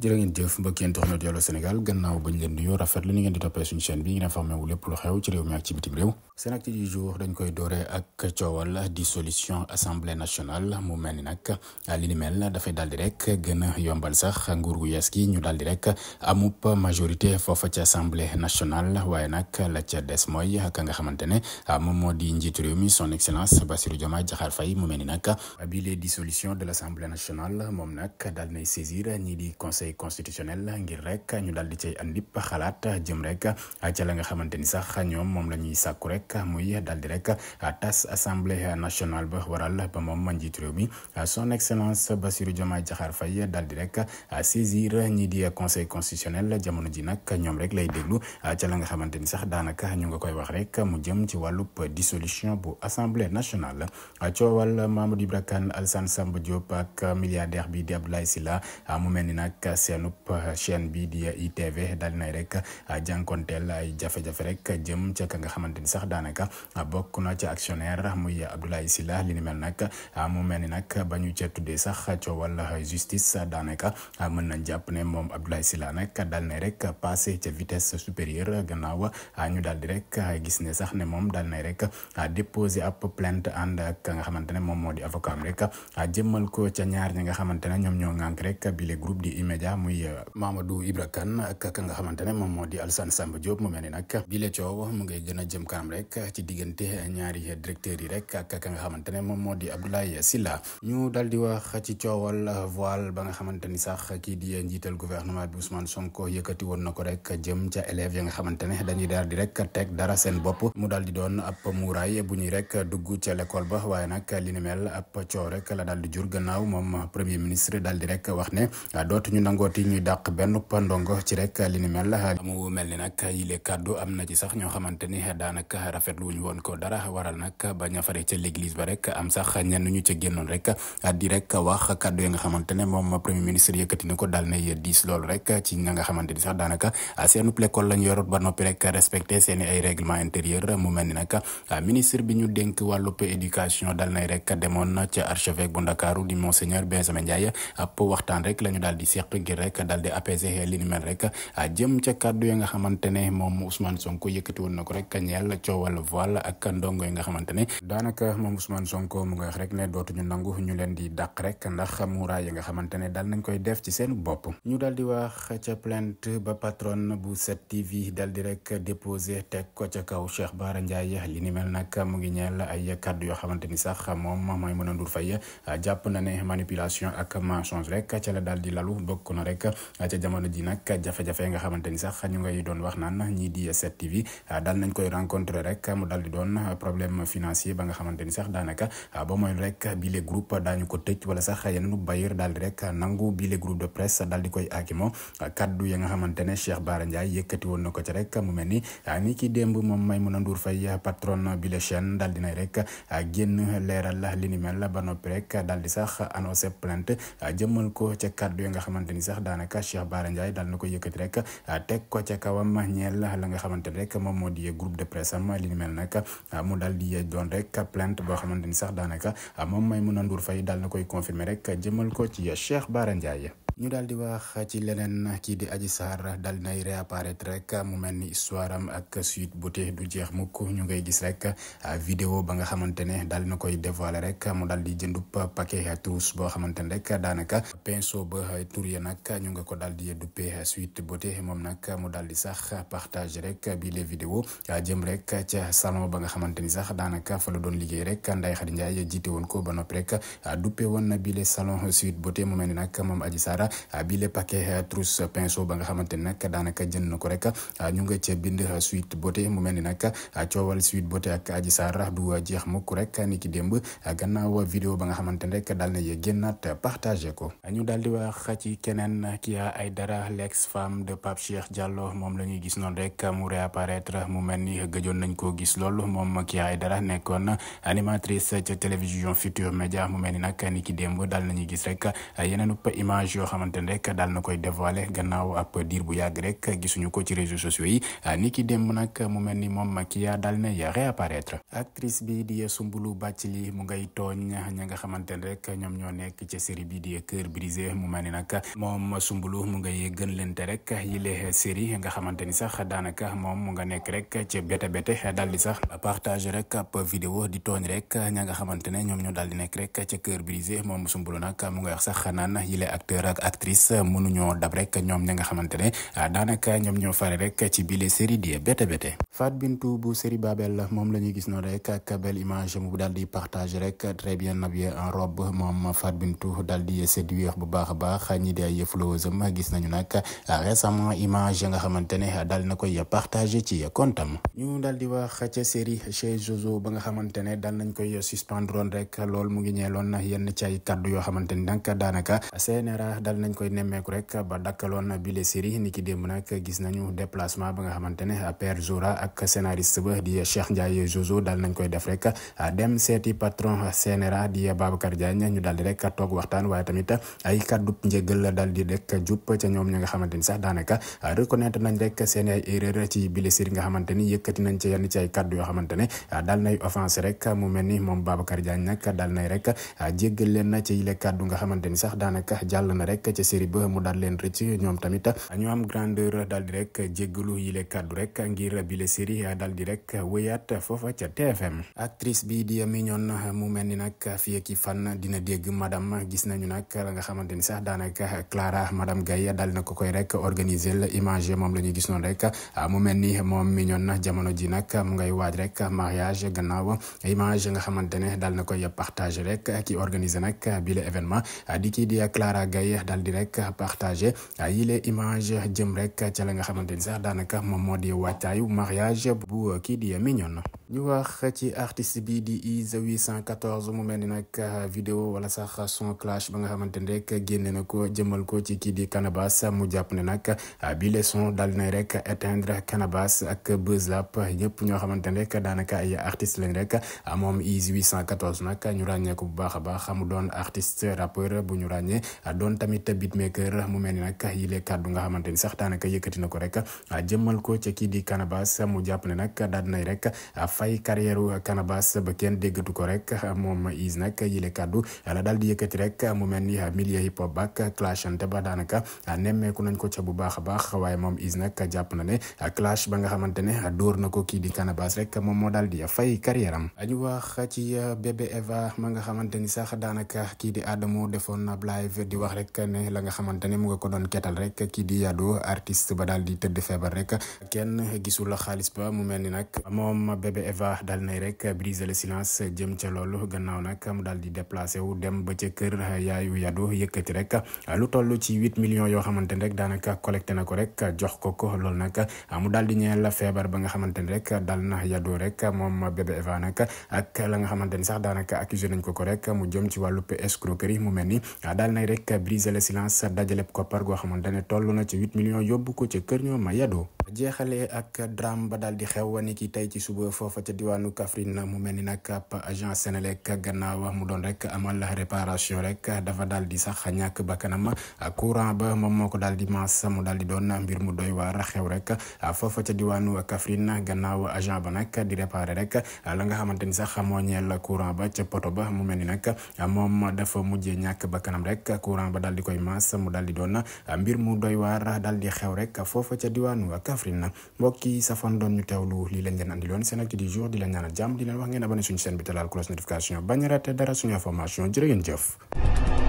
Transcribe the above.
jërë ngeen jëf mbokk yéen toxna Allô Sénégal gannaaw bañ leen nuyoo rafet di toppee suñu chaîne bi ngeen informé wu lépp lu xew ci réew mi ak ci bitim réew seen acte du jour dañ koy dooree ak coowal dissolution assemblée nationale mu mel ni nag li ni mel dafay daal di rek gën a yombal sax nguur gu yees gi ñu daal di rek amup majorité foofa ci assemblée nationale waaye nag la ca des mooy ka nga xamante ne moom moo di njiitu réew mi son excellence Bassirou Diomaye Diakhar Faye mu mel ni nag bi les dissolution de l' assemblée nationale moom nag daal nay saisir ñi di conseil conseil constitutionnel ngir rek ñu daal di cay andi xalaat jëm rek ca la nga xamante ni sax ñoom moom la ñuy sàkku rek muy daal di rek tas assemblée nationale ba waral ba moom njiitu réew mi son excellence Bassirou Diomaye Diakhar Faye daal di rek saisir ñi ji nag ñoom rek lay déglu ca la nga xamante ni sax daanaka ñu nga koy wax rek mu jëm ci wàllub dissolution bu assemblée nationale coowal Mamadou Ibra Kane Alassane Samba Diop ak milliardaire bi di Abdoulaye Sylla mu mel ni nag seenub euh, chaîne bi di euh, ITV daal nay rek euh, jànkonteel ay jafe-jafe rek jëm ca ka nga xamante ni sax daanaka bokk na ca actionnaire muy Abdoulaye Sylla li ni mel nag mu mel ni nag ba ñu ca tuddee sax coowal justice daanaka mën nañ jàpp ne moom Abdoulaye Sylla nag daal rek passé ca vitesse supérieure gannaaw ñu daal di rek gis ne sax ne moom daal nay rek déposé ab plainte ànd ak nga xamante ne moom moo di avocat am rek jëmmal ko ca ñaar nga xamante ne ñoom ñoo ŋànk rek bi di immédiat média muy euh, Mamadou Ibra Kane ak ka nga xamante ne moom moo di Alassane Samba Diop mu mel ni nag bi le coow mu ngay gën jëm kanam rek ci diggante ñaari directeurs yi rek ak ka nga xamante ne moom moo di Abdoulaye Sylla ñu dal di wax ci coowal voile ba nga xamante ni sax kii di njiital gouvernement bi Ousmane Sonko yëkkati woon na ko rek jëm ca élèves ya nga xamante ne dañuy daal di rek teg dara seen bopp mu daal di doon ab muuraay bu ñuy rek dugg ca l'école ba waaye nag li ni la daal di jur gannaaw moom premier ministre daal nangooti ñuy dàq benn pandongo ci rek li ni mel mu mel ni nag na ci sax ñoo xamante ni daanaka rafetlu wuñu woon ko dara waral nag bañ a fare ca l'église ba rek am sax ñenn ñu ca génnoon rek di rek wax kàddu yi nga xamante ne moom premier ministre yëkkati na ko daal nay diis loolu rek ci ña nga xamante ni sax daanaka seenub lekkool lañ yorut ba noppi rek respecté seen ay règlement intérieur mu mel ni nag ministre bi ñu dénk wàllub éducation dal nay rek demoon ca archevêque bu Ndakaaru di monseigneur Benjamin Ndiaye ab waxtaan rek la ñu daal di seq ngir rek dal di apaiser li ni mel rek ah, jëm ca kàddu ya nga xamante ne moom Ousmane Sonko yëkkati woon na ko rek ñeel coowal voile ak ndongo yi nga xamante ne daanaka moom Ousmane Sonko mu ngi wax rek ne dootuñu nangu ñu leen di dàq rek ndax muuraay yi nga xamante ne dal nañ koy def ci seen bopp ñu dal di wax ca plainte ba patron bu 7TV dal di rek déposé teg ko ca kaw Cheikh Bara Ndiaye li ni mel nag mu ngi ñeel ay kàddu yoo xamante ni sax moom mooy mën a ndur fay ah, jàpp na ne manipulation ak bokk na rek ah, ca jamono ji nag jafe-jafe nga xamante ni sax ñu ngay doon wax naan ñii di tv ah, daal nañ koy rencontré rek ba nga xamante ni sax daanaka ah, ba mooy rek bile groupe daañu ko tëj wala sax yeneen bailleur daal di rek nangu bile groupe de presse daal di koy akimo kaddu ya nga xamante ne Cheikh yëkkati woon na ko ci rek mu mel ni ni ki démb moom a Ndour Faye patron bile chaîne daal di nay rek génn leeral li ni ba noppi rek daal di sax annoncé plainte jëmal ko ca kaddu ni sax daanaka Cheikh Bara Ndiaye daal na ko yëkkati rek ah, teg ko ca kawam ñeel la nga xamante rek moom moo di groupe de presse am li ni mel nag ah, mu daal di doon rek plainte boo xamante ni sax daanaka ah, moom Maimouna Ndour fay daal na koy confirmer rek jëmal ko ci Cheikh Bara Ndiaye ñu daal di wax ci leneen kii di Adji Sarr daal di nay réapparaître rek mu mel ni histoire am ak suite bu du jeex mukk ñu ngay gis rek ah, vidéo ba nga xamante ne daal di na koy dévoiler rek mu daal di jëndub paquet trousse boo xamante ne rek daanaka pinceau ba tur ya nag ñu nga ko daal di duppee suite bu moom nag mu daal di sax partage rek bii les vidéos ah, jëm rek ca ba nga xamante ni sax daanaka fa la doon liggéey rek Ndeye Khady Ndiaye jiite woon ko ba noppi rek ah, duppee na bii les salon suite bu mu mel ni nag moom Adji Sarr Ah, bi le paquet trousse pinceau ba nga xamante ni nag daanaka jënd na ko rek ah, ñu nga ca bind ah, Sweet Beauté mu mel ni nag coowal Sweet Beauté ak Adji Sarr du jeex mukk rek ni ki démb gannaaw vidéo ba nga xamante ni rek daal na génnaat partagé ko ñu daal di wax ci keneen ki ay dara l'ex-femme de Pape Cheikh Diallo moom la ñuy gis noon rek mu réapparaître mu mel ni gëjoon nañ koo gis loolu moom ki ay dara nekkoon animatrice ca télévision Futur Média mu mel ni nag ni ki démb daal nañuy gis rek xamante ne rek daal na koy dévoiler gannaaw ab diir bu yàgg rek gisuñu ko ci réseaux sociaux yi ni ki démb nag mu mel ni moom Kia daal na réapparaître actrice bi mu nga xamante ne rek ñoom ñoo nekk ci série ni nag moom Soumboulou mu ngay mu nga nekk rek ci bete bete daal di sax partager rek ab vidéo di tooñ rek ña nga xamante ne ñoom ñoo daal di nekk rek ci Cœur brisé moom Soumboulou nag mu ngay wax sax naan yile acteur ak actrice mënuñoo dab rek ñoom ña nga xamante ne ah, daanaka ñoom ñoo fare rek ci bile série di bété bété Fat Bintou bu série Babel moom la gis noonu rek ak belle image mu daal di partage rek très bien en robe moom Fat Bintou daal di séduire bu baax a baax ñi di ay flowsam gis nañu nag ah, nga xamante ne daal na koy partager ci kontam ñu daal di wax ca série chez Jojo ba nga xamante ne daal nañ koy suspendroon rek loolu mu ngi ñeeloon yenn ci ay kaddu yoo xamante ni nag daanaka CNRA dal nañ koy nemmeeku rek ba dakkaloon bile série ni ki démb nag gis nañu déplacement ba nga xamante ne Père Zora ak scénariste ba di Cheikh Ndiaye Jojo dal nañ koy def rek dem seeti patron CNRA di Babacar Diagne ñu daal di rek toog waxtaan waaye tamit ay kàddu njëgal daal di rek jub ca ñoom nga xamante ni sax daanaka reconnaître nañ rek seen ay erreur ci bile série nga xamante ni yëkkati nañ ci yenn ci ay kàddu yoo xamante ne daal nay offensé rek mu mel ni moom Babacar Diagne nag daal nay rek jéggal leen na ci yile kàddu nga xamante ni sax daanaka jàll na rek nekk ca série ba mu daal leen rëcc ñoom tamit ñu am grandeur daal di rek jéggalu yile kàddu rek ngir bile série daal di rek wéyaat foofa ca TFM actrice bi di Mignon mu mel ni nag fii ak fan dina dégg madame gis nañu nag la nga xamante ni sax daanaka Clara madame Gaye daal na ko koy rek organiser image moom la ñuy gis noonu rek mu mel ni moom Mignon jamono ji nag mu ngay waaj rek mariage gannaaw image nga xamante ne daal na koy partager rek ki organiser nag bile Clara Gaye daal di rek partagé ah, yile image jëm rek ca la nga xamante ni sax daanaka moom moo di wàccaayu mariage bu kii di Mignone ñu wax ci artiste bii di ISA 814 mu mel ni nag euh, vidéo wala sax son clash ba nga xamante ne rek génnee na ko jëmal ko ci kii di Canabasse mu jàpp ne nag euh, bi son daal na rek éteindre Canabasse ak Buzzlap ñëpp ñoo xamante ne rek daanaka ay artistes lañ rek ah, moom ISA 814 nag ñu ràññee ko bu baax a baax mu doon artiste rappeur bu ñu ràññee ah, doon tamit beatmaker mu mel ni nag yile kàddu nga xamante ni sax daanaka na ko rek ah, jëmal ko ci kii di Canabasse mu jàpp nag daal rek. fay carrière Canabasse ba kenn déggatu ko rek moom Iz nag yile kàddu la daal di yëkkati rek mu mel ni milieu hip hop ak clashante ba daanaka nemmeeku nañ ko ca bu baax a baax waaye moom Iz nag jàpp na ne clash ba nga xamante ne na ko kii di Canabasse rek moom moo daal di fay carrière am ñu wax ci bébé Eva ma nga xamante ni sax daanaka kii di Adamo defoon na live di wax rek ne la nga xamante ne mu nga ko doon ketal rek kii di Yado artiste ba di tëdd feebar rek kenn gisul xaalis ba mu mel ni nag moom Eva daal nay rek briser le silence jëm ca loolu gannaaw nag mu daal di déplacé wu dem ba ca kër na yaayu yadu yëkkati rek lu toll ci huit millions yoo xamante ne rek daanaka collecté na ko rek jox ko ko loolu nag mu daal di ñeel feebar ba nga xamante ne rek dal na yadu rek moom bébé Eva nag ak la nga xamante ni sax daanaka accusé nañ ko ko rek mu jëm ci wàllu escroquerie mu mel ni daal nay rek briser le silence dajale koppar goo xamante ne toll na ci huit million yóbbu ko ca kër ñoom yadu jeexalee ak drame ba daal di xew ni ki tey ci suba foofa ca diwaanu Kaffrine mu mel ni nag ab agent Senelec gannaaw mu doon rek amal réparation rek dafa daal di sax ñàkk bakkanam courant ba moom moo ko daal di mas mu daal di doon mbir mu doy waar xew rek foofa ca diwaanu Kaffrine gannaaw agent ba nag di réparer rek la nga xamante ni sax moo ñeel courant ba ca poto ba mu mel ni nag moom dafa mujjee ñàkk bakkanam rek courant ba daal di koy mas mu daal di doon mbir mu doy waar daal di xew rek foofa ca diwaanu Kaffrine Kaffrine nag mbokk yi safan doon ñu teewlu lii lañ leen andiloon seen wax ngeen abonné suñu chaîne bi te laal notification bañ a raté dara suñu information jërë ngeen jëf